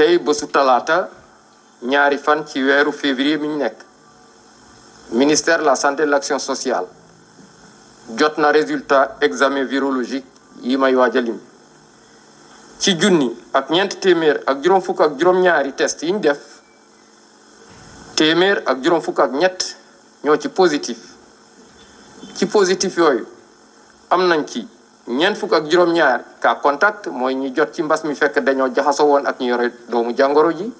tey bésu talaata ñaari fan ci weeru février mi nekk ministère la santé de l'action sociale jot na résultat examen virologique yi may waajalim ci junni ak ñeent téeméer ak juróom fukk ak juróom-ñaari test yi ñu def téeméer ak juróom fukk ak ñett ñoo ci positif ci positif yooyu am nañ ci ñeent fukk ak juróom-ñaar cas contact mooy ñu jot ci mbas mi fekk dañoo jaxaso woon ak ñu yore doomu jàngoro ji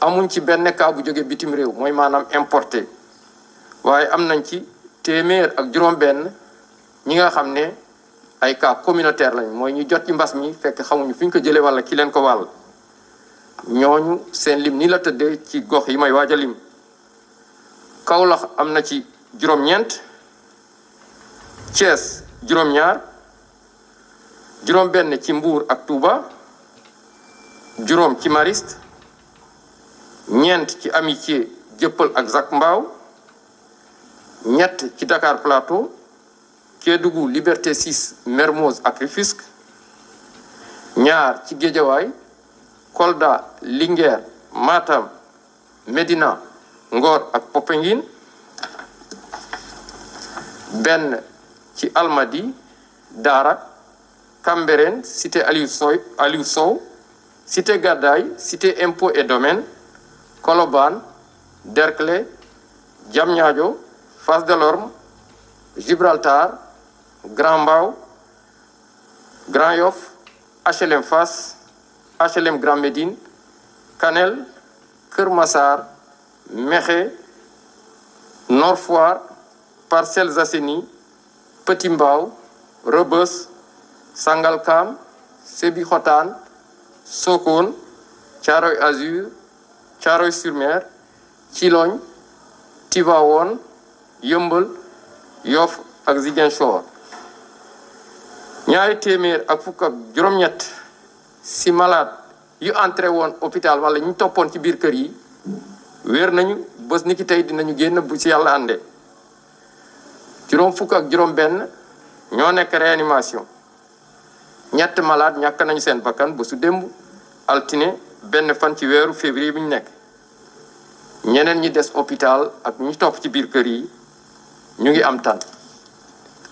amuñ ci benn cas bu jóge bitim réew mooy maanaam importé waaye am nañ ci téeméer ak juróom-benn ñi nga xam ne ay cas communautaire lañ mooy ñu jot ci mbas mi fekk xamuñu fi ñu ko jëlee walla ci leen ko wàll ñooñu seen lim ni la tëddee ci gox yi may waaj a lim Kaolack am na ci juróom-ñeent Thiès. juróom-ñaar juróom-benn ci mbuur ak Touba juróom ci Mariste ñeent ci Amitié Jëppal ak Zac Mbao ñett ci Dakar Plateau Kédougou Liberté 6 Mermoz ak Rufisque ñaar ci Géejawaay Kolda Linguère Matam medina Ngor ak Popenguine benn ci Almadi Daara Cambérène cité Aliou Sow Aliou cité Gadaye cité impôt et domaine Colobane Derklé Diamniadio Fass Delorme Gibraltar Grand Mbao Grand Yoff HLM Fass Kanel Kër Massar Mékhé Nord Foire Petit Mbao Rebeuss Sangalkam Sébikotane Sokone Thiaroye Azur Thiaroye sur Mer Thilogne Tivaouane Yeumbeul ak Ziguinchor ñaari téeméer ak fukk juróom-ñett ci malade yu entré woon hôpital wala ñu toppoon ci biir kër yi wéer nañu bës nikki ki tey dinañu génn bu ci yàlla ànde juróom fukk ak juróom benn ñoo nekk réanimation ñett malaad ñàkk nañu seen bakkan ba démb altine benn fan ci weeru février bi ñu nekk ñeneen ñi des hôpital ak ñu topp ci biir kër yi ñu ngi am tan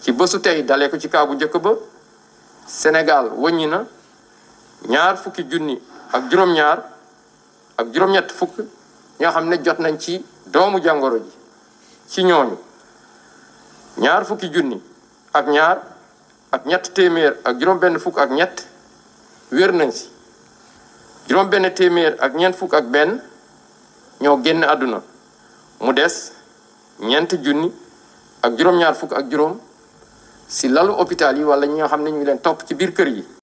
ci bésu tey dalee ko ci kaa bu njëkk ba Sénégal wëññi na ñaar fukki junni ak juróom-ñaar ak juróom-ñett fukk ñoo xam ne jot nañ ci doomu jàngoro ji ci ñooñu ñaar fukki junni ak ñaar ak ñett téeméer ak juróom-benn fukk ak ñett wér nañ ci juróom-benn téeméer ak ñeent fukk ak benn ñoo génn àdduna mu des ñeent junni ak juróom-ñaar fukk ak juróom si lalu hôpital yi wala ñi nga xam ne ñu leen topp ci biir kër yi.